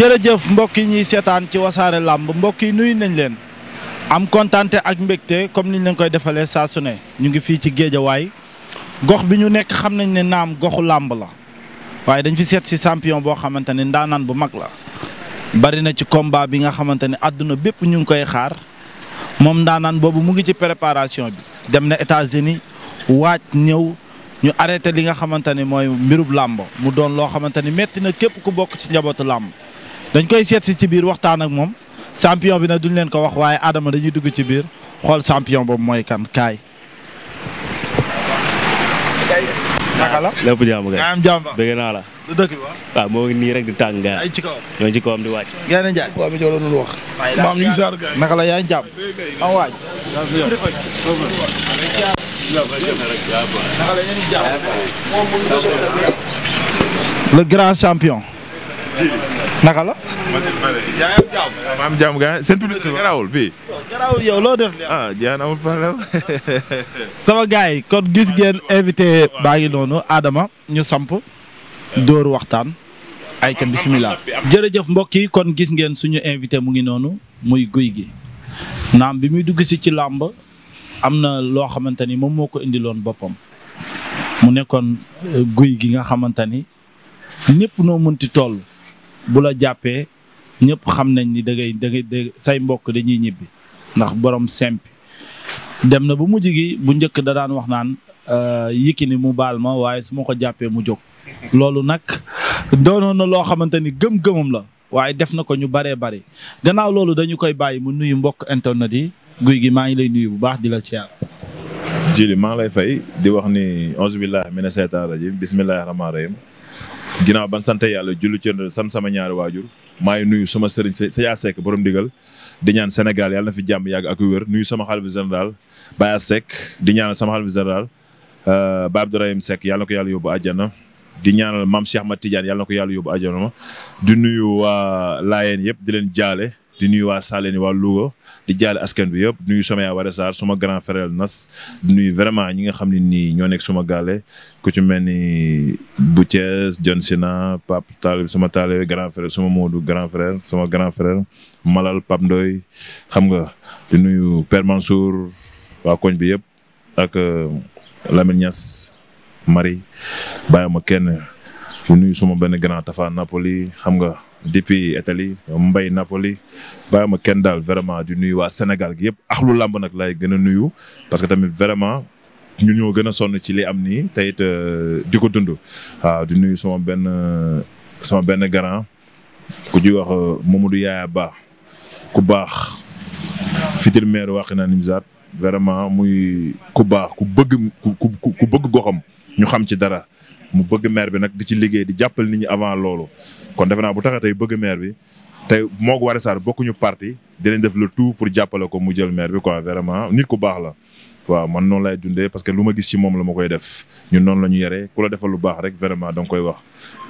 jërëjëf mbokk yi ñuy seetaan ci wasaare làmb mbokk yi nuyu nañ leen am kontaante ak mbégte comme niñ leen koy defalee saa su ne ñu ngi fii ci géejawaay gox bi ñu nekk xam nañ ne naam goxu làmb la waaye dañ fi seet si champion boo xamante ne ndaanaan bu mag la. bari na ci combat bi nga xamante ne àdduna bépp ñu ngi koy xaar moom ndaanaan boobu mu ngi ci préparation bi dem na États-Unis waaj ñëw. ñu arrêté li nga xamante ni mooy mbirub làmb mu doon loo xamante ni métti na képp ku bokk ci njabootu làmb dañ koy seet ci biir waxtaan ak moom champion bi nag duñ leen ko wax waaye Adama dañuy dugg ci biir xool champion boobu mooy kan kaay. naka la lépp jàmm kay am jàmm bëgg naa la. du dëkk bi waaw nii rek di ay ci kawam ñoo ci di wàcc. ngeen di njaay. waaw bi jox ngi saar gaay la yaa ngi am waaj. le grand champion. naka la. maam jàmm gaa seen publicité yow loo def. ah jaan sama gars yi kon gis ngeen invité baa ngi noonu Adama ñu samp dóor waxtaan. ay ca bisimilah. jërëjëf mbokk yi kon gis ngeen suñu invité mu ngi noonu muy guy gi naam bi muy dugg si ci làmb am na loo xamante ni moom moo ko indiloon boppam mu nekkoon eh, guy gi nga xamante ni ñëpp noo mënti tool bu la jàppee ñëpp xam nañ ni da ngay say mbokk dañuy ñibbi ndax borom simpi dem na bu mujj gi bu njëkk da daan wax naan euh, Yékini mu baal ma waaye su ma ko jàppee mu jóg. loolu nag doonoon na loo xamante ni gëm-gëmam la waaye def na ko ñu baree bari gannaaw loolu dañu koy bàyyi mu nuyu mbokk internet yi guy gi maa ngi lay nuyu bu baax di la siyaar. jili maa ngi lay fay di wax ni auzu billaahi mina seytaani rajiim bismillaahi rahmaani rahiim ginnaaw ban sant yàlla jullu ci san sama ñaari waajur maa ngi nuyu sama sëriñ Seya seek borom digal di ñaan Sénégal yàlla na fi jàmm yàgg ak wér nuyu sama xalifa général Baye Seck di ñaanal sama xalifa général euh, Baye Abdourahim Seck yàlla na ko yàlla yóbbu ajana di ñaanal maam Cheikh ma Tidiane yàlla na ko yàlla yóbbu àjjana ma di nuyu waa Laayeen yëpp di leen jaale di nuyu waa Saleen waa Louga di jaale askan bi yëpp nuy sama yaa Wara Sarr suma grand frère Nas di nuyu vraiment ñi nga xam ne ni ñoo nekk suma gaale ku ci mel ni bu Thiès John Sina Pape Talib suma Talib grand frère suma Modou grand frère suma grand frère Malal Pape Ndoy xam nga di nuyu Père Mansour waa koñ bi yëpp ak euh, Lamine Niass Marie bàyyi ma kenn di nuyu suma benn grand Tafa Napoli xam nga. depuis Italie mbay Napoli bàyyi ma kenn daal vraiment di nuyu waa Sénégal gi yëpp axlu lamb nag laay gën a nuyu parce que tamit vraiment ñu ñoo gën a sonn ci li am nii te it euh, di ko dund waaw di nuyu sama benn euh, sama benn grand ku ci wax euh, Mamadou Yaaya baax ku baax fitil maire wax na nimsaat vraiment muy ku baax ku bëgg ku ku bëgg goxam ñu xam ci dara mu bëgg maire bi nag di ci liggéey di jàppal nit avant loolu kon defe bu taxee bëgg maire bi tey moog Wari Sarr bokkuñu parti dinañ def le tout pour jàppale ko mu jël meer bi quoi vraiment nit ku baax la. waaw man noonu lay dundee parce que lu ma gis ci moom la ma koy def ñun noonu lañu ñu yore ku la defal lu baax rek vraiment da koy wax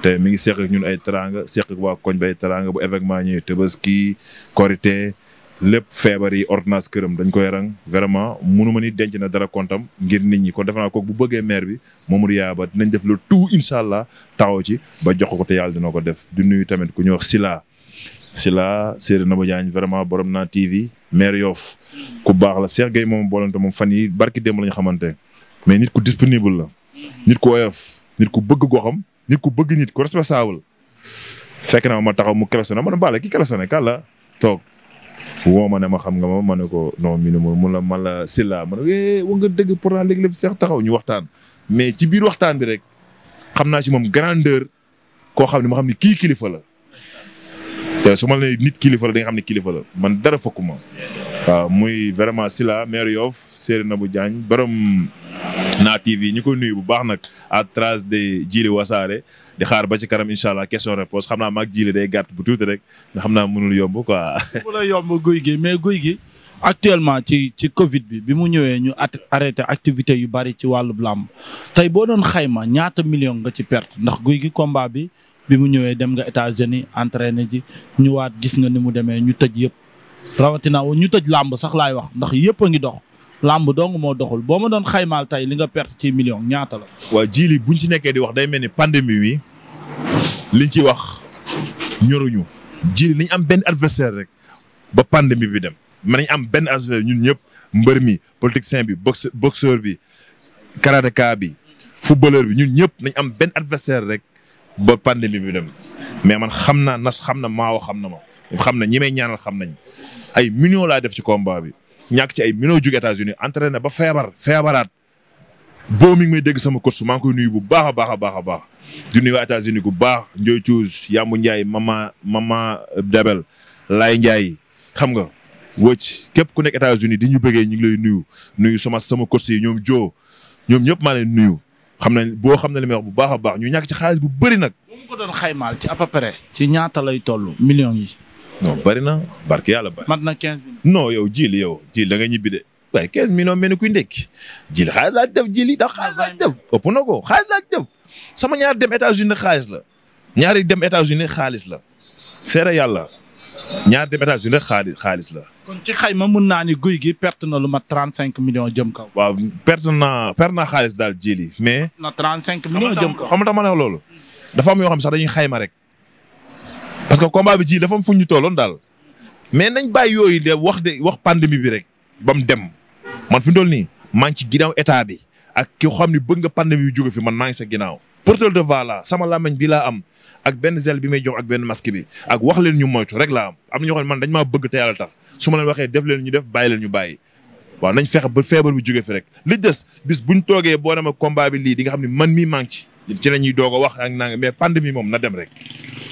te mi ngi seq ñun ay teraanga seq ak waa koñ bi ay teraanga bu événement ñëwee Tabaski Korité lépp feebar yi ordonnance këram dañ ko rang vraiment mënu ma ni denc na dara kontam ngir nit ñi kon defe naa ko bu bëggee maire bi Mamadou ba dinañ def le tout incha allah taxaw ci ba jox ko te yàlla dina ko def di nuyu tamit ku ñuy wax Sila. Sila na Naba Diagne vraiment borom naa TV maire Yoff ku baax la Cheikh Gueye moom boolante moom fan yi barki démb la ñu xamante mais nit ku disponible la. nit ku oyof nit ku bëgg goxam nit ku bëgg nit ku responsable fekke na ma taxaw mu kelesone ma ne ki kelesone kan la woo ma ne ma xam nga ma ma ne ko non mi ne ma mun la man la ma eh, wa nga dëgg pourtant léegi la fi seex taxaw ñu waxtaan. mais ci biir waxtaan bi rek xam naa ci moom grandeur koo xam ne ma xam ne kii kilifa la te su ma la nit kilifa la da xam ne kilifa la man dara fokk ma. waaw muy vraiment Silla maire Yoff na bu Diagne borom naa TV ñu ko nuyu bu baax nag à trace de Jili Wasaare di xaar ba ci karam incha allah question réponse xam naa maag Jili day gàtt bu tuuti rek nga xam naa mënul yomb quoi. mu yomb guy gi mais guy gi actuellement ci ci Covid bi bi mu ñëwee ñu arrêté activité yu bari ci wàllu làmb tey boo doon xayma ñaata million nga ci perte ndax guy gi combat bi bi mu ñëwee dem nga États-Unis entraîné ji ñëwaat gis nga ni mu demee ñu tëj yëpp rawatina ñu tëj làmb sax laay wax ndax yëpp a ngi dox. làmb dong moo doxul boo ma doon xaymaal tey li nga perte ci million ñaata la. waaw ji li buñ ci nekkee di wax day mel ni pandémie bi liñ ci wax ñoruñu ji li nañ am benn adversaire rek ba pandémie bi dem mën nañ am benn adversaire ñun ñëpp mbër mi politicien bi boxe boxeur bi karateka bi footballeur bi ñun ñëpp nañ am benn adversaire rek ba bi dem mais man xam naa nas xam na maawo xam na ma xam na ñi may ñaanal xam nañ ay millions laa def ci combat bi. ñàkk ci ay millions jóge États-Unis na ba feebar feebaraat boo mi ngi may dégg sama coach maa ngi nuyu bu baax a baax a baax a baax di nuyu waa unis bu baax Ndioy Cuus Yambu Ndiaye mama mama Debel Laay Ndiaye xam nga wëcc képp ku nekk États-Unis di ñu bëggee ñu ngi lay nuyu nuyu sama sama coach yi ñoom joo ñoom ñëpp maa leen nuyu xam nañ boo xam ne li bu baax a baax ñu ñàkk ci xaalis bu bëri nag. bu mu ci à peu près. ci ñaata lay toll millions yi. non bari na barke yàlla bari. mat na 15 millions. yow jiili yow jiili da nga ñibbi de waaye 15 millions mel ni kuy ndekki jiili xaalis def jiili ndax xaalis laa def ëpp na ko xaalis def sama ñaar dem États-Unis xaalis la ñaari dem États-Unis xaalis la seere yàlla ñaar dem États-Unis rek xaalis la. kon ci xayma mën naa ni guy gi perte na lu ma 35 millions jëm kaw. waaw perte naa perte naa xaalis daal jiili mais. na 35 millions jëm kaw xam nga ma ne loolu. dafa am yoo xam sax dañuy xayma rek. parce que combat bi ji dafa am fu ñu tolloon daal mais nañ bàyyi yooyu de wax de wax pandémie bi rek ba mu dem man fi mu toll nii maa ngi ci ginnaaw état bi ak ki xam ne bëgg nga pandémie bi jóge fi man maa ngi sa ginnaaw. porteur de voilà la sama làmmiñ bi laa am ak benn zel bi may jox ak benn masque bi ak wax leen ñu moytu rek laa am am na ñoo man dañ maa bëgg te yàlla tax su ma leen waxee def leen ñu def bàyyi leen ñu bàyyi. waaw nañ fexe ba feebar bi jóge fi rek li des bis buñ toogee boo demee combat lii di nga xam ne man mii maa ngi ci ci la ñuy doog a wax ak nangam mais pandémie moom na dem rek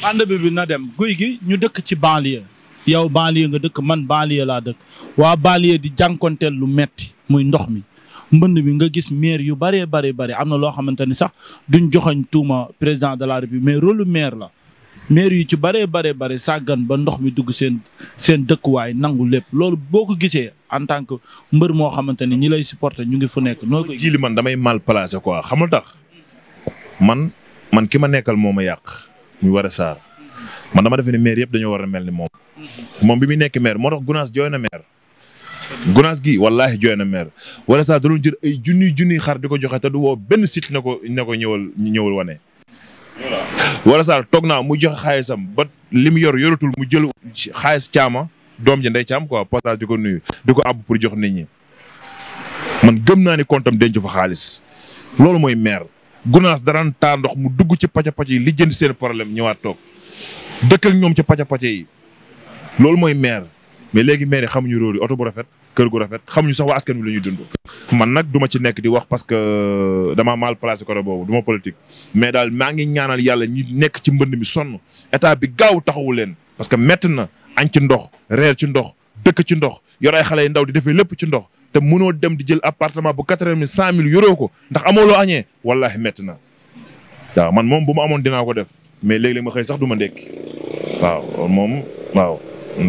ànd bi bi na dem guy gi ñu dëkk ci banlieue yow banlieue nga dëkk man banlieue laa dëkk waa banlieue di jànkonteel lu metti muy ndox mi mbënn bi nga gis maire yu bëree bëri bëri am na loo xamante ni sax duñ joxoñ tuuma président de la république mais rôle maire la maire yu ci bëree bëree bëri sàggan ba ndox mi dugg seen seen dëkkuwaay nangu lépp loolu boo ko gisee en tant que mbër moo xamante ni ñi lay supporter ñu ngi fu nekk noo koy. jiili man damay mal placé quoi xamul tax man man ki ma nekkal moo ma yàq. ñu war a saar man dama defe ni maire yëpp dañoo war a mel ni moom. moom bi muy nekk maire moo tax Gunaas jooy na maire. Gunaas gi wallaahi jooy na maire wala sax da doon ay junni junni xar di ko joxe te du woo benn site na ko na ko ñëwal ñëwal wane. wala sax toog naa mu joxe xaalisam ba li mu yor yoratul mu jël xaalis caama doom ji ndey caam quoi passage di ko nuyu di ko àbb pour jox nit ñi man gëm naa ni comptam denc fa xaalis loolu mooy maire. gunaas daraan taa ndox mu dugg ci pàcc pàcc yi li jënd seen problème ñëwaat toog dëkk ak ñoom ci pàcc pàcc yi loolu mooy maire mais léegi maire yi xamuñu roori oto bu rafet kër gu rafet xamuñu sax waa askan wi la ñuy dund. man nag du ci nekk di wax parce que euh, dama mal placé ko boobu duma ma politique mais daal maa ngi ñaanal yàlla ñi nekk ci mbënn mi sonn état bi gaaw taxawu leen parce que métti na añ ci ndox reer ci ndox dëkk ci ndox yor xale yu ndaw di defee lépp ci ndox. te dem di jël appartement bu quatre mille cent mille yoroo ko ndax amoo loo añee wallaahi métti na waaw man moom bu ma amoon dinaa ko def mais léeg-léeg ma xëy sax du ma ndékki waaw moom waaw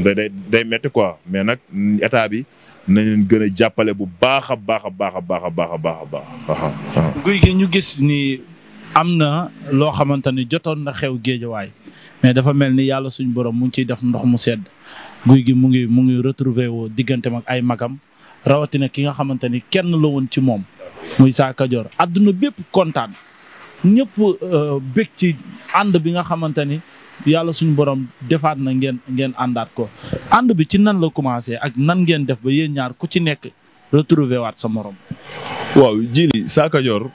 day day day métti quoi mais nag état bi nañ leen gën a jàppale bu baax a baax a baax a baax a baax a baax a baax. guy gi ñu gis ni am na loo xamante ni jotoon na xew géejawaay mais dafa mel ni yàlla suñu borom mu ngi ciy def ndox mu sedd guy gi mu ngi mu ngi retrouver woo digganteem ak ay magam. rawatina ki nga xamante ni kenn la woon ci moom muy Sa Kajoor àdduna bépp kontaan ñëpp euh, bég ci ànd bi nga xamante ni yàlla suñu borom defaat na ngeen ngeen àndaat ko ànd bi ci nan la commencé ak nan ngeen def ba yéen ñaar ku ci nekk retrouver waat sa moroom waaw jili Sa Kajoor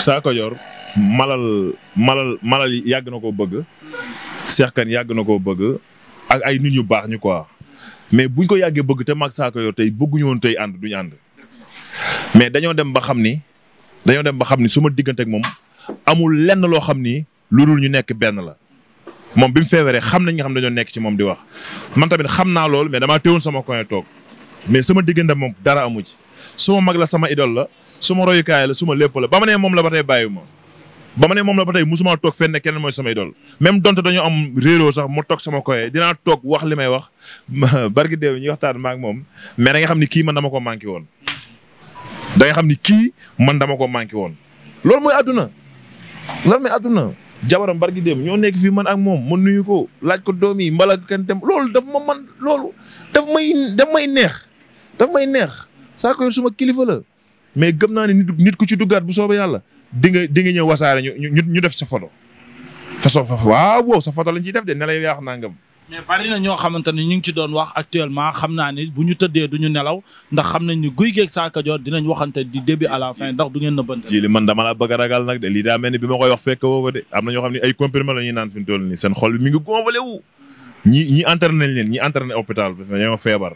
Sa Kajoor malal malal malal yàgg na ko bëgg. Seex Kan yàgg na ko bëgg ak ay nit ñu baax ñu quoi. mais bu ñu ko yàggee bëgg te mag saa ko yor tey bëgguñu woon tey ànd duñu ànd mais dañoo dem ba xam ni dañoo dem ba xam ni su ma diggante ak moom amul lenn loo xam ni lu dul ñu nekk benn la moom bi mu feebaree xam nañ nga xam dañoo nekk ci moom di wax man tamit xam naa lool mais dama téewoon sama coin toog mais sama diggante moom dara amu ci ma mag la sama idole la su suma royukaay la suma lépp la ba ma nee moom la ba tey bàyyi ma ba ma ne moom la ba tey musuma toog fenn kenn mooy samay dool même donte dañoo am réeróo sax ma toog sama koye dinaa toog wax li may wax barki déew ñuy waxtaan ma ak moom mais da xam ni kii man dama ko manqué woon. da xam ni kii man dama ko manqué woon loolu mooy àdduna lan mooy àdduna jabaram barki déew ñoo nekk fii man ak moom ma nuyu ko laaj ko doom yi mbala kenn dem loolu daf ma man loolu daf may daf may neex daf may neex saa suma kilifa la mais gëm naa ne nit ku ci duggaat bu soobee yàlla. di nga di nga ñëw wasaare ñu ñu ñu def sa photo façon waaw wow sa photo lañ ciy def de ne la na nangam. mais bari ñoo xamante ni ñu ngi ci doon wax actuellement xam na ni bu ñu tëddee du ñu nelaw ndax xam nañ ni guy geeg saaka joor dinañ waxante di début à la fin ndax du ngeen nëbbante. ji li man dama la bëgg ragal nag de lii daa mel bi ma koy wax fekk woo ko de am na ñoo xam ne ay comprimé la ñuy naan fi mu toll seen xol mi ngi gonflé wu. ñi ñi entraîné leen ñi entraîné hôpital ñoo feebar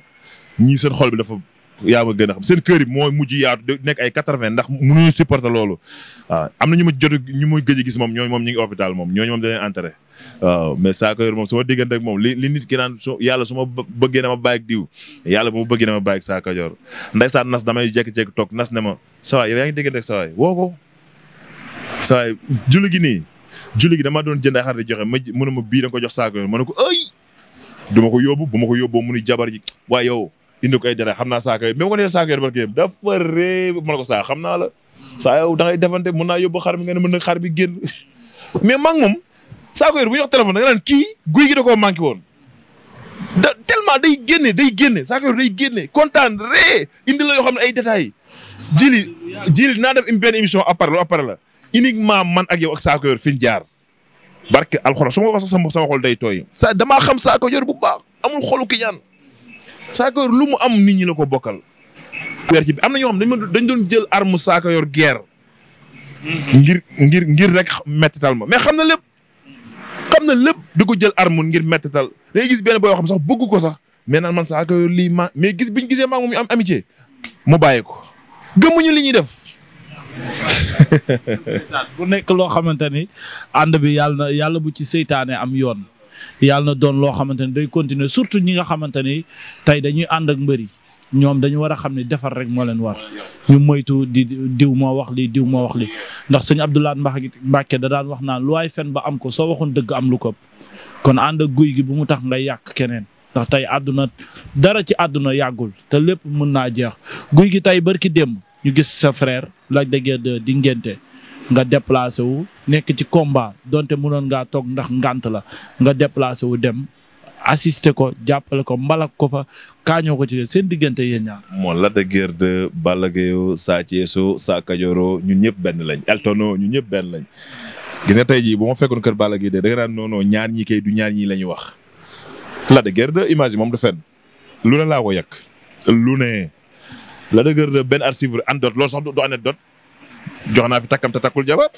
ñii seen bi dafa yaa ma gën a xam seen kër yi moo mujj yaatu nekk ay quatre-vingt ndax mënuñu supporter loolu waaw am na ñu ma jot ñu ma gëj a gis moom ñooñu moom ñu ngi hôpital moom ñooñu moom dañuy enterré waaw saa koyor moom su ma diggante ak moom li li nit ki naan su yàlla su ma bëggee na ma bàyyi diw yàlla bu ma bëggee na ma bàyyi ak saa ndeysaan nas damay jékki-jékki toog nas ne ma sawaay yow yaa ngi diggante sawaay woo ko sawaay julli gi nii julli gi dama doon jënd ay xar di joxe ma mënu ma bii ko jox saa koyor ma ne ko ay du ma ko yóbbu bu ma ko yóbboo mu ni jabar ji waa yow indi ko ay jaraay xam naa saako yooyu même ko nee saako yooyu barki yëpp dafa saa xam naa la saa yow da ngay defante mën naa yóbbu xar bi nga ne mën na xar bi génn mais maa ngi moom yooyu bu ñu wax téléphone da kii guy gi da koo manqué woon da tellement day génne day génne saako yooyu day génne kontaan ree indi la yoo xam ne ay détails jili jili naa def benn émission à part loolu à part la uniquement man ak yow ak saako yooyu fi ñu jaar barke alxuraan su ma ko sama sama xol day tooy sa xam saako yooyu bu baax amul xolu ki ñaan Sakayor lu mu am nit ñi la ko bokkal. weer ci bi am na ñoo xam dañ doon jël arme Sakayor guerre. ngir ngir ngir rek mettital ma mais xam na lépp. xam na lépp di ko jël arme ngir mettital day gis benn booy xam sax bëgg ko sax mais naan man Sakayor lii ma mais gis biñ gise ma mu ñu am amitié mu bàyyi ko gëmmuñu li ñuy def. bu nekk loo xamante ni ànd bi yàlla na yàlla bu ci seytaane am yoon. yàlla na doon loo xamante ne day continuer surtout ñi nga xamante ni tey dañuy ànd ak mbër yi ñoom dañu war a xam ne defar rek moo leen war ñu moytu di diw moo wax li diw moo wax li ndax sëñ Abdoulaye Mbacke da daan wax naan lu waay fen ba am ko soo waxoon dëgg am lu ko kon ànd ak guy gi bu mu tax nga yàq keneen ndax tey àdduna dara ci àdduna yàggul te lépp mën naa jeex guy gi tey barki dem ñu gis sa frère Lac de Guiers di ngénte nga déplacé wu nekk ci komba donte mënoon ngaa toog ndax ngant la nga déplacé wu dem assister ko jàppale ko mbalak ko fa kaañoo ko ci seen diggante yéen ñaar. moo Lac de Guiers 2 Balla Gaye Sa Thiès Sa ñun ñëpp benn lañ Eltono ñun ñëpp benn lañ. gis nga tey jii bu ma fekkoon kër Balla Gaye de da nga naan non ñaar ñi kay du ñaar ñii la ñu wax. Lac de image moom du fenn lu ne laa ko yàq. lu ne Lac de Guiers 2 benn archive anecdote sax du anecdote jox naa fi takkam te takkul jabar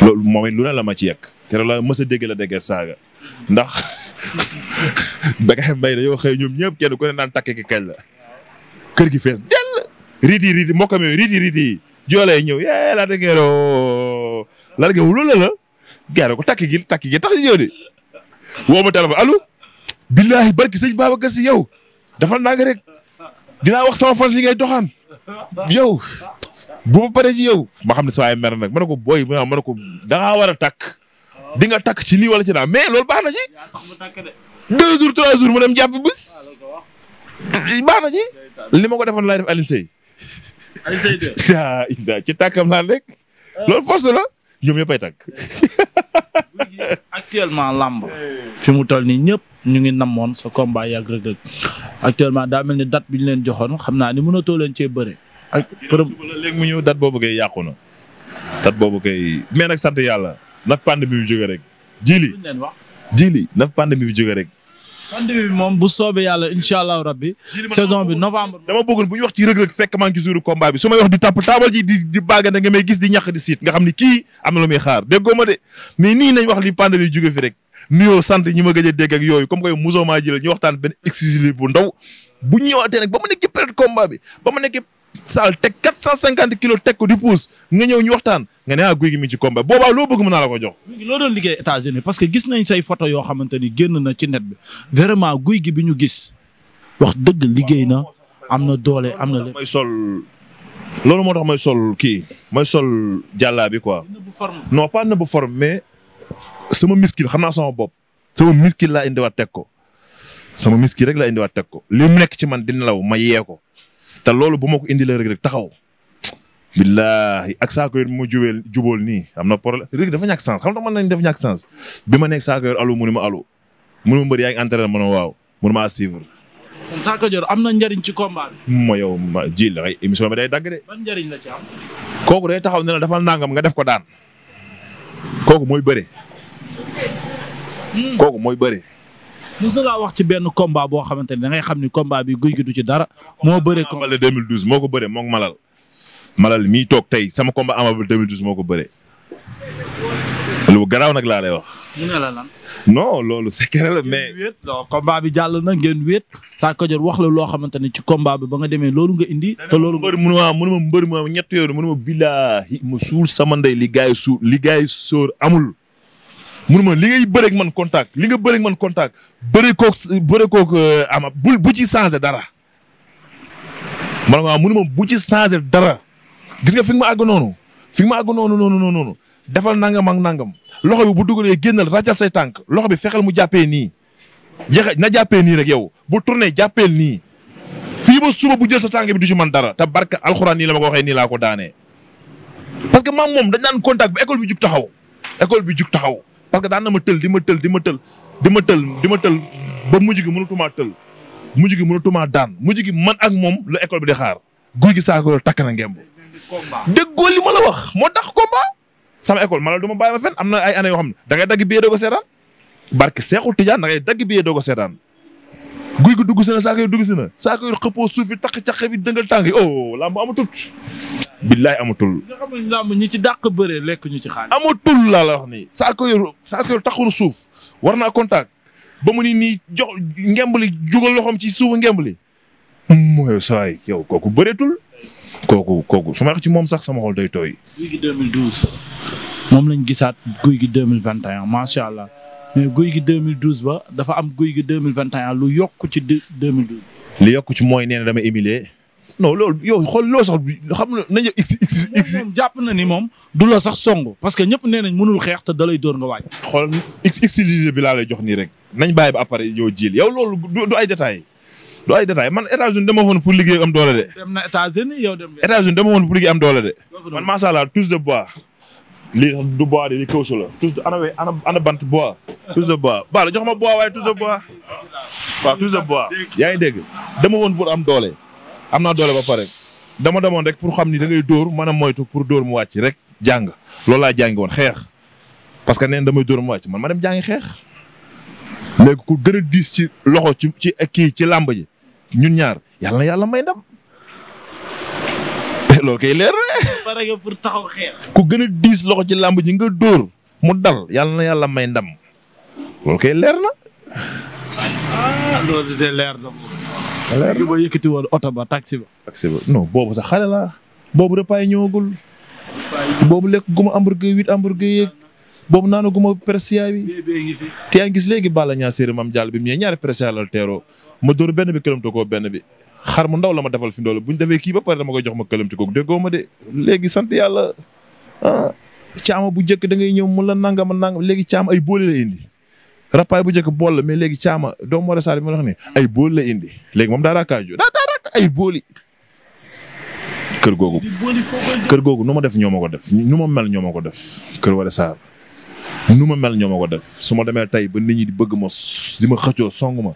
loolu moom it lu ne la ma ci yegg keroog la mës a dégg la dégg saaga ndax Bécaye Mbaye dañoo xëy ñoom ñëpp kenn ku ne naan takk ki kañ la kër gi fees dell riiti riiti mbokkam yooyu riiti riiti yi joolee ñëw yee laa da oh. laa da ngeen wuloo la la gaare ko takk gi takk gi tax ñëw de woo ma téléphone allo billaahi barki sëñ Babacar Si yow dafa nang rek dinaa wax sama fan si ngay yow bu ma paree ci yow ma xam ne saa yi mer nag ma ne ko booy ma ne ko da ngaa war a takk oh. di nga takk ci lii wala ci naa mais loolu baax na ci. deux jours trois jours mu dem jàpp ah, li ma ko defoon laay def Alioune Seye. Alioune Seye de. rek eh. loolu force la ñoom ñëppay takk. actuellement lamb eh. fi mu tol nii ñëpp ñu ngi namoon sa combat yàgg rek rek actuellement daa mel ni date bi ñu leen joxoon xam na ni mënatoo leen cee bëre. ak përëm léegi mu ñëw date boobu kay yàqu na boobu kay mais nag sant yàlla na pandémie bi jóge rek jili jili na pandémie bi jóge rek. pandémie bi moom bu soobee yàlla incha allahu rabbi saison novembre. dama bëggoon bu ñu wax ci rëg-rëg fekk maa ngi ci suuru combat bi su may wax di tàpp taabal ji di di bàggante nga may gis di ñàq di siit nga xam ni kii am na xaar déggoo ma de mais nii nañ wax li pandémie bi jóge fi rek nuyoo sant ñi ma gëj a dégg comme koy musoo maa ji la ba mu saal teg quatre cent cinquante kilos teg ko di puus nga ñëw ñu waxtaan nga ne ah guy gi mi ci combat boobaa loo bëgg mën naa la ko jox. loo doon liggéey États-Unis parce que gis nañ say photo yoo xamante ni génn na ci net bi vraiment guy gi bi ñu gis wax dëgg liggéey na am na doole am na. may sol loolu moo tax may sol kii may sol jàllaabi bi quoi. non pas nëbb forme mais sama miskil xam naa sama bopp. sama miskil laa indiwaat teg ko sama miskil rek laa indiwaat teg ko li mu nekk ci man di nelaw ma yee ko te loolu bu ma ko indi rek rek taxaw. billaahi ak saako yor mu jubeel jubóol nii am na problème rek dafa ñàkk sens xam nga man nañ dafa ñàkk sens bi ma ne saako yor alu mu ma alu mu ne ma mbër yaa ngi ma na waaw mu ma à suivre. kon am na njariñ ci combat bi. ma yow ma ji la ay émission bi day dagg de. la ci kooku day taxaw ne la dafa nangam nga def ko daan kooku mooy bëre. Hmm. kooku mooy bëre. mës na laa wax ci benn combat boo xamante ne da xam ni combat bi guy gi ci dara. moo bëree combat le 2012 moo ko bëree moog Malal. Malal mii toog tey sama combat Ama Baldé 2012 moo ko bëree. lu garaaw nag laa lay wax. ñu ne la lan. non loolu secret la mais. combat bi jàll na ngeen wéet. saa ko wax la loo xamante ne ci combat bi ba nga demee loolu nga indi. te loolu mbër mu ma mënuma mbër mu ñett yoon mënuma billaahi ma suul sama ndey li gaay suul li amul. mun ma li ngay man contact li nga bëreeg man contact bëri koog bëri koog euh, ama bu bu ci changé dara. man waaw ah, munuma bu ci changé dara gis nga fi nga ma àgg noonu fi nga ma àgg noonu noonu noonu defal nangam ak nangam loxo bi bu dugalee génnal ràccal say tànk loxo bi fexel mu jàppee nii yéex na jàppee nii rek yow bu tourné jàppeel nii fii ba suba bu jël sa tànk bi du ci man dara te barka alxuraan nii la ma ko waxee nii laa ko daanee. parce que maam moom dañ naan contact bi école bi jug taxaw école bi jug taxaw. parce que daan na ma tël di ma tël di ma tël di ma gi di ma tël ba gi mënatumaa tël mujj daan mujj gi man ak moom la école bi di xaar guy gi saako yor takk na ngemb. déggoo li ma la wax moo tax combat. sama école ma la du ma bàyyi ma fen am na ay années yoo xam ne da ngay dagg billet doo ko seetaan barke Seexul Tijaan da ngay dagg billet doo guy gi dugg si na saako yor dugg si na saako yor xëppoo suuf yi takk caq bi dëngal billaay amatul. nga xam ñi ci dàq bëree lekk ñu ci xaalis. amatul laa la wax nii saako yor taxul suuf war naa contact ba mu ni nii jox ngemb li jugal loxom ci suuf ngemb li mooy saay yow kooku bëretul kooku kooku su ci moom sax sama xol day tooy. guy gi moom lañ gisaat guy gi 2021 macha allah mais guy gi 2012 ba dafa am guy gi 2021 lu yokk ci 2012. li yokk ci mooy nee dama émilé non loolu yow xool loo sax xam nañu x x jàpp na ni moom du la sax song parce que ñëpp nee nañ mënul xeex te dalay doon dóor nga waaj. xool x x bi laa lay jox nii rek nañ bàyyi ba après yow jiil yow loolu du ay détails du ay détails man États-Unis dama woon pour liggéey am doole de. dem na États-Unis yow dem am doole de. man macha allah tous de bois. lii du bois de li kaw la tous de ana ana bant bois. tous de bois baal jox ma bois waaye tous de ah, ah. waaw tous yaa ngi dégg dama woon pour am doole. am naa doole ba pare dama demoon rek pour xam ni dangay ngay dóor mën a moytu pour dóor mu wàcc rek jàng loolu laa jàngi xeex parce que neen damay dóor mu wàcc man ma dem jàngi xeex. léegi ku gën a ci ci ci kii ci làmb ji ñun ñaar yàlla na yàlla may ndam. loolu kay leer na. ku gën a diis loxo ci làmb ji nga dóor mu dal yàlla yàlla may ndam ah, de leer leer ba yëkkati woon oto ba taxi ba. taxi ba non boobu sax xale la boobu repas yi ñëwagul. boobu lekk guma hamburger huit hamburger yeeg. boobu naanu guma persia bi. te yaa gis léegi Balla ñaar séeréer maam jàll bi mu ñaari persia la teeroo ma dóor benn bi këram ko benn bi. xar mu ndaw la ma defal fi ndool bu ñu defee kii ba pare dama koy jox ma këlam ci kooku déggoo ma de léegi sant yàlla ah caama bu njëkk da ngay ñëw mu la nangam nangam léegi caama ay boole la rappaay bu njëkk bool la mais léegi caama doom war a saar bi ay bool la indi léegi moom daa raakaaju daa daa raak ay booli. kër googu kër googu nu ma def ñoo ma ko def nu ma mel ñoo ma ko def kër war a saar nu ma mel ñoo ma ko def su ma demee tey ba nit ñi di bëgg ma di ma xëccoo song ma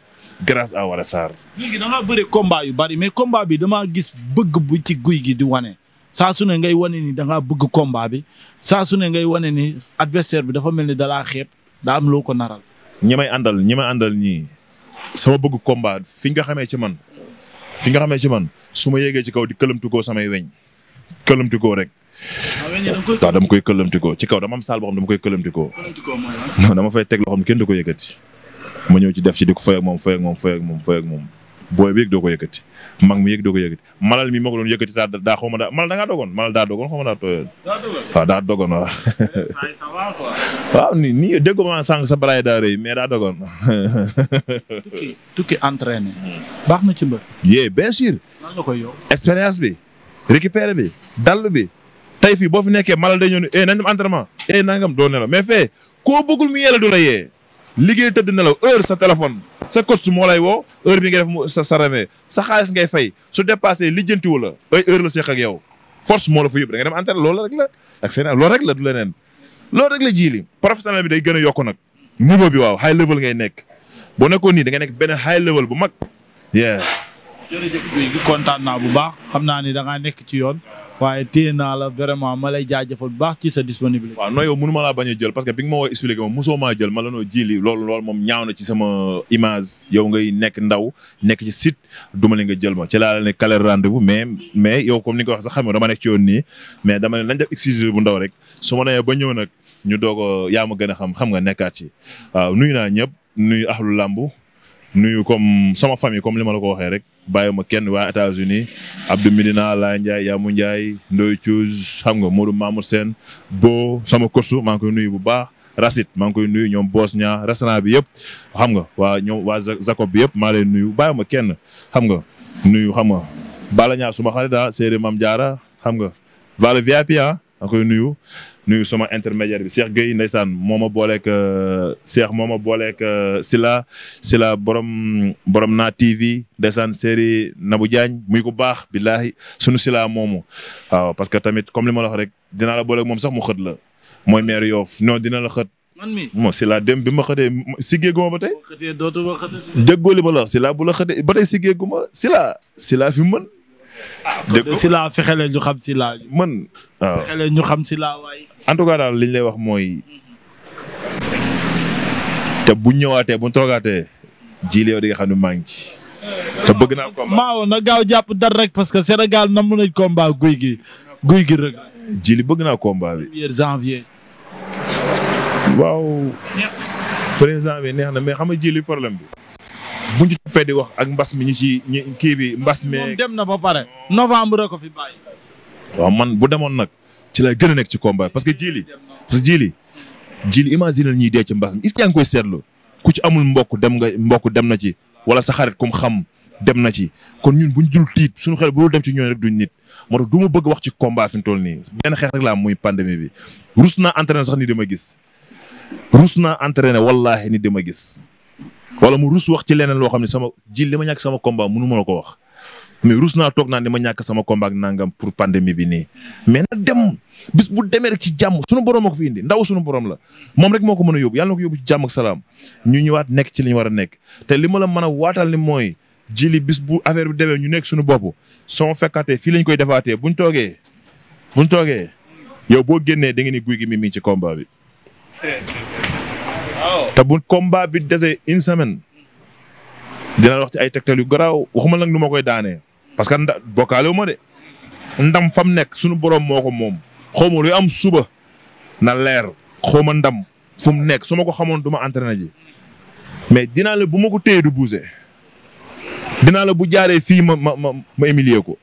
grâce à Wara Sarr. léegi da ngaa yu bari mais combat bi damaa gis bëgg bu ci guy gi di wane saa su ne ngay wane ni da bëgg combat bi saa sune ngay wane ni adversaire bi dafa mel ni dalaa xeeb daa am loo ko naral. ñi may àndal ñi may àndal ñii sama bëgg combat fi nga xamee ci man fi nga xamee ci man su ma yéegee ci kaw di këlëmtikoo samay weñ këlëmtikoo rek. waaw dama koy këlëmtikoo ci kaw dama am saal boo xam dama koy këlëmtikoo. dama fay teg loo xam ne kenn du ko yëkkati. ma ñëw ci def ci di ko fay ak moom fay ak moom fay moom fay ak moom. booy bi yëg doo ko yëkkati mag mi yëg doo ko yëkkati malal mi moo doon yëkkati daa daa daa malal waaw nii déggu ma sànq sa baraay daa daa dogoon. tukki tukki entraîné. baax na ci yee bien expérience bi. récupéré bi. dall bi. tey fii boo fi nekkee malal day ñëw ne eh nañ dem entraînement. eh nangam doo nelaw fee koo bëggul mu yéela du yee. liggéey tëdd nelaw heure sa téléphone sa coach moo lay woo heure bi ngay def sa sa réveil sa xaalis ngay fay su dépassé lijjantiwu la ay heure la seq ak yow force moo la fa yóbbu dem antenne loolu rek la ak seen loolu rek la du leneen loolu rek la jiili professionnel bi day gën a yokk nag niveau bi waaw high level ngay nekk boo nekkoon nii da nga nekk benn high level bu mag. jërëjëf Guèye bu baax xam naa ni da ngaa nekk ci yoon. waaye téye naa la vraiment ma lay jaajëfal bu baax ci sa disponibilité. waaw non yow mënu ma laa bañ a jël parce que bi nga ma woo expliqué moom mosoo maa jël ma la noo jili loolu moom ñaaw na ci sama image yow ngay nekk ndaw nekk ci site duma la nga jël ma ci laa la ne calel rendez mais mais yow comme ni nga ko wax sax xam nga dama nekk ci yoon nii mais dama ne nañ def excuse bu ndaw rek su ma nee ba ñëw nag ñu yaa ma gën a xam xam nga nekkaat ci waaw nuyu naa ñëpp nuyu axlu làmb nuyu comme sama famille comme li ma la ko waxee rek bàyyi ma kenn waa États-Unis Abdou Medina Laa Ndiaye Yaamu Ndiaye Ndoye Thiouz xam nga Modou Mamour Sène Bo sama kosu maa koy nuyu bu baax Racit maa ngi koy nuyu ñoom Boos ñaa restaurant bi yëpp xam nga waa ñoom waa Jacob bi yëpp maa leen nuyu bàyyi ma kenn xam nga nuyu xam nga bala ñaa suma xarit daal ah, Seydou Mame Diarra xam nga Vale VIP ah maa koy nuyu nuyu sama intermédiaire bi seex Gueye ndeysaan moo ma booleeg euh, Cheikh moo ma booleeg euh, Sila Sila borom borom naa TV ndeysaan série Nabou Diagne muy ku baax billaahi sunu Sila moomu. waaw parce que tamit comme lima ma la rek dinaa la booleeg moom sax mu xët la mooy maire Yoff non dina la xët. man mi dem bi ma xëtee siggee ba tey. xëtee dootu ma xëtee. déggoo li ba tey siggee gu ma fi mën. Ah, dégg ñu xam si mën en tout cas daal li ñu lay wax mooy te bu ñëwaatee bu toogaatee ji yow di xam ne maa ngi ci. te bëgg naa combat maaw na gaaw jàpp dar rek parce que na namu nañ combat guy gi guy gi rek. bëgg naa combat bi. premier janvier. waaw. président bi neex na mais xam nga ji li problème bi. bu ñu toppee di wax ak mbas mi ñi ci kii bi mbas mi. moom dem na ba pare novembre ko fi bàyyi. waaw man bu demoon nag. ci lay gën a nekk ci combat parce que jiili parce que jili jili imagine ñuy dee ci mbas mi est-ce koy seetlu ku ci amul mbokk dem nga mbokk dem na ci wala sa xarit kum xam dem na ci kon ñun buñ jul tiit suñu xel bu dul dem ci ñooñu rek duñ nit moo tax du ma bëgg wax ci combat fi mu toll nii benn xeex rek laa muy pandémie bi rus na entraîné sax ni dama gis rus naa entraîné wallaahi ni dama gis wala mu rus wax ci leneen loo xam ne sama ji li ma ñàkk sama combat mënu ma ko wax mais ruus naa toog naa ne ma ñàkk sama combat ak nangam pour pandémie bi nii mais na dem bis bu demee rek ci jàmm sunu borom a ko fi indi ndaw sunu borom la moom rek moo ko mën a yóbbu yàlla na ko yóbbu ci jàmm salaam ñu ñëwaat nekk ci li ñu war a nekk te li ma la mën a waatal ni mooy jili bis bu affaire bi demee ñu nekk suñu bopp soo fekkaatee fii lañ koy defaatee buñ toogee buñ toogee yow boo génnee da ngeen ni guy gi mi ci combat bi. te bu combat bi desee une semaine dina wax ci ay tegtal yu garaaw waxuma nag nu ma koy daanee. parce que nda bokkaale wu ma de ndam fa mu nekk sunu borom moo ko moom xaw ma luy am suba na leer xaw ma ndam fu mu nekk su ma ko xamoon du ma entraîné ji mais dinaa le bu ma ko téye du bousee dina le bu jaaree fii ma ma ma ma humilier ko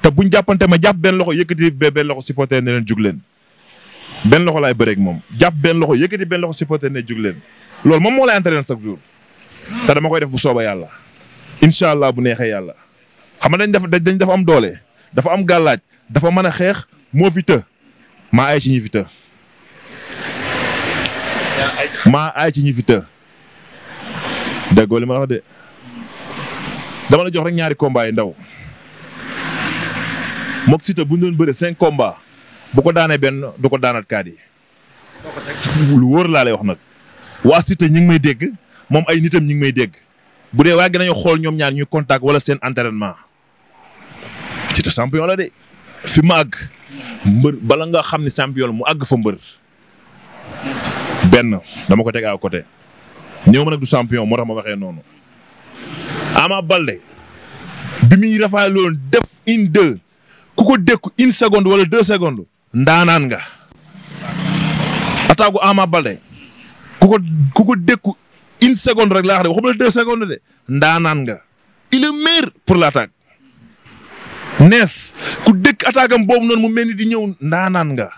te buñ jàppante ma jàpp benn loxo yëkkati ba benn loxo supporter ne leen jug leen benn loxo laay bëreeg moom jàpp benn loxo yëkkati benn loxo supporter ne jug leen loolu moom moo lay entraîné chaque jour te dama koy def bu sooba yàlla incha allah bu neexee yàlla. xam nga dañ def dañ dafa am doole dafa am gàllaaj dafa mën a xeex moo fi të maa ay ci ñi fi ay ci ñi fi déggoo li ma la de dama la jox rek ñaari combat yi ndaw mook Siteu bu ñu doon bëre cinq combat bu ko daanee benn du ko daanaat kaat lu wóor laa lay wax nag waa Siteu ñi ngi may dégg moom ay nitam ñi ngi may dégg bu dee waa gi nañu xool ñoom ñaar ñuy contact wala seen entraînement. Siteu champion de fi mu àgg mbër bala nga xam ne champion mu àgg fa mbër. benn dama ko teg à côté ñëw ma nag du champion moo tax ma waxee noonu. Ama Baldé bi muy rafaay loolu def une deux ku ko dékku une seconde wala deux secondes ndaanaan nga. attaque gu Ama Baldé ku ku ko dékku une seconde rek laa wax de waxuma la deux secondes de ndaanaan nga. il est meilleur pour l'attaque nees ku dëkk attaque am noonu mu mel ni di ñëw ndaanaan nga.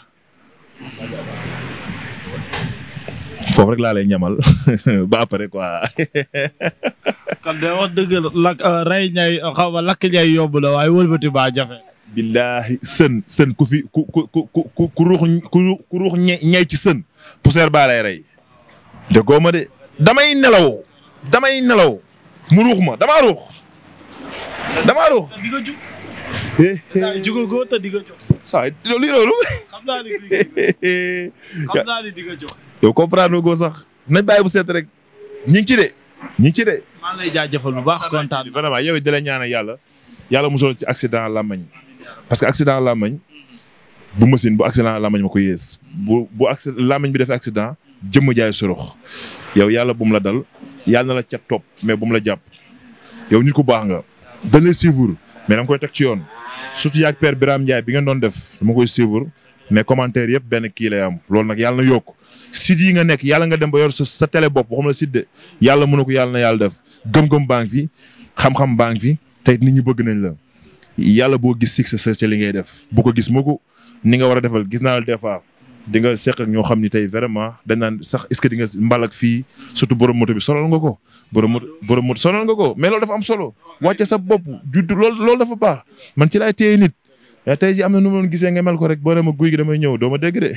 foofu rek laa lay ñamal ba après quoi. kon de wax dëgg la euh, rey ñay euh, xaw ma lakk ñay yomb la waaye wëlbati baa jafe. billaahi sën sën ku fi ku ku ku ruux ku sën poussière baa lay rey. déggoo ma de damay nelaw damay nelaw mu ruux ma damaa ruux damaa ruux. saa yi jugul ko te di saa loolu loolu. xam nga jox. yow sax nañ baay bu seet rek ñu ngi ci de ñu ci de. maa ngi lay jaajëfal bu baax kontaan vraiment yow it di yàlla yàlla musal ci accident làmmañ parce que accident làmmañ bu machine bu accident làmmañ ma ko yées bu bu accident làmmañ bi defee accident jëmm jaay sorox yow yàlla bu mu la dal yàlla na la ca topp mais bu la jàpp yow nit ku baax nga dañ lay mais dama koy teg ci yoon sutu yaag per Birame Ndiaye bi ngeen doon def dama koy suivre mais commentaire yëpp benn kii lay am loolu nag yàlla na yokk site yi nga nekk yàlla nga dem ba yor sa sa télé bopp waxuma la site de yàlla mën a ko yàlla na yàlla def gëm-gëm baa ngi fi xam-xam baa ngi fi te nit ñi bëgg nañ la yàlla boo gis succès sa li ngay def bu ko gis mu ko ni nga war defal gis naa la des fois di nga seq ñoo xam ni tey vraiment dañ naan sax est-ce nga mbalak fii surtout borom moto bi sonal nga ko borom moto borom moto sonal nga ko mais dafa am solo wàcce sa bopp judd loolu loolu dafa ba man ci laay téye nit yaa am na nu ma doon gisee nga mel ko rek boo ne ma guy gi damay ñëw doo ma dégg de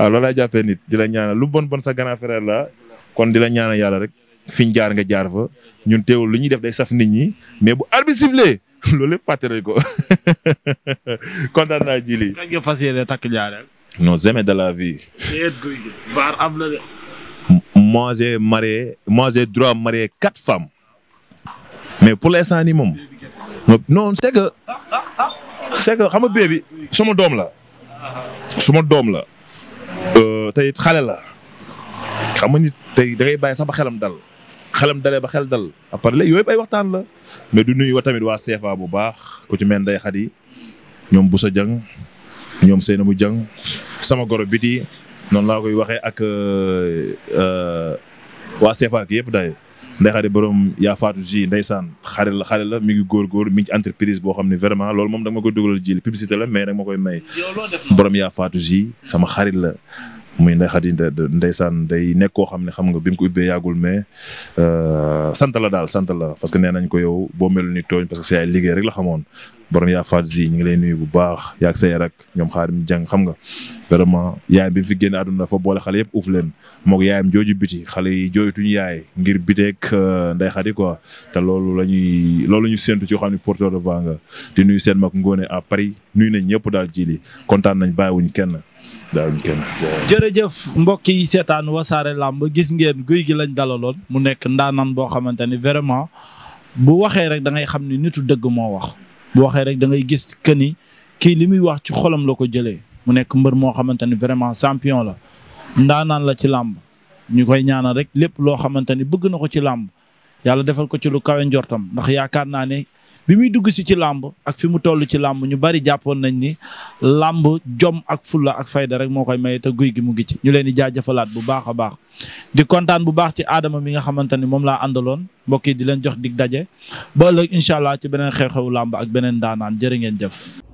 waaw loolu laay jàppee nit di la ñaanal lu bon sa grand frère la kon di la yàlla rek fi ñu jaar nga jaar fa ñun teewul lu ñuy def day saf nit ñi mais bu arbitre sifflé loolu lépp fàtte nañ ko kontaan naa ji lii. kañ nga fas yéene takk ñaareel non jamais de la vie. moi j'ai marié moi j'ai droit marier quatre femmes mais pour l'instant nii moom. non c'est que c'est que xam nga bébé bi sama doom la. suma doom la. te euh, tey xale la. xam nga nit tey da ngay bàyyi sax ba xelam dal. xelam dalee ba xel dal. après léegi yooyu ay waxtaan la. mais du nuyu wa tamit waa CFA bu baax ku ci mel Ndeye Khady ñoom busa jang ñoom Seynabou Dieng sama goro biti noonu laa koy waxee ak euh, euh, waa CFA gi yëpp daay nday xari borom yaa faatu ji ndeysaan xale la xale la mi ngi góorgóor mi ngi ci entreprise boo xam ne vraiment loolu moom da nga ma koy dugalal ji publicité la mais da nga ma koy may borom yaa faatu ji sama xarit la muy Ndeye Khady ndeysaan day nekk koo xam ne xam nga bi mu ko yagul yàggul mais euh, sant la daal sant la parce que nee nañ ko yow boo melu ni tooñ parce que sa yaay liggéey rek la xamoon borom yaa faat zi ñu ngi lay nuyu bu baax yaag say rak ñoom xaarim jàng xam nga vraiment yaay bi fi génn àdduna dafa boole xale yëpp uuf leen moog yaayam jooju biti xale yi jooytuñu yaay ngir biteeg euh, Ndeye xadi quoi te loolu la ñuy loolu la ñuy ci yoo xam ne porteur de voix nga di nuyu seen mak ngoone à Paris nuyu ñëpp daal ji li kontaan nañ bàyyiwuñ kenn jërëjëf mbokk yi seetaan wasaare làmb gis ngeen guy gi lañ dalaloon mu nekk ndaanan boo xamante ni vraiment bu waxee rek da ngay xam ni nitu dëgg moo wax bu waxee rek da ngay gis que ni kii li muy wax ci xolam la ko jëlee mu nekk mbër moo xamante ni vraiment champion la ndaanaan la ci làmb ñu koy ñaanal rek lépp loo xamante ni bëgg na ko ci làmb yàlla defal ko ci lu kawe njortam ndax yaakaar naa ne bi muy dugg si ci làmb ak fi mu toll ci làmb ñu bari jàppoon nañ ni làmb jom ak fulla ak fayda rek moo koy maye te guy gi mu ngi ci ñu leen di jaajëfalaat bu baax a baax di kontaan bu baax ci aadama mi nga xamante ni moom laa àndaloon mbokki di leen jox dig daje ba ëllëg incha allah ci beneen xew-xewu làmb ak beneen daanaan jërë ngeen jëf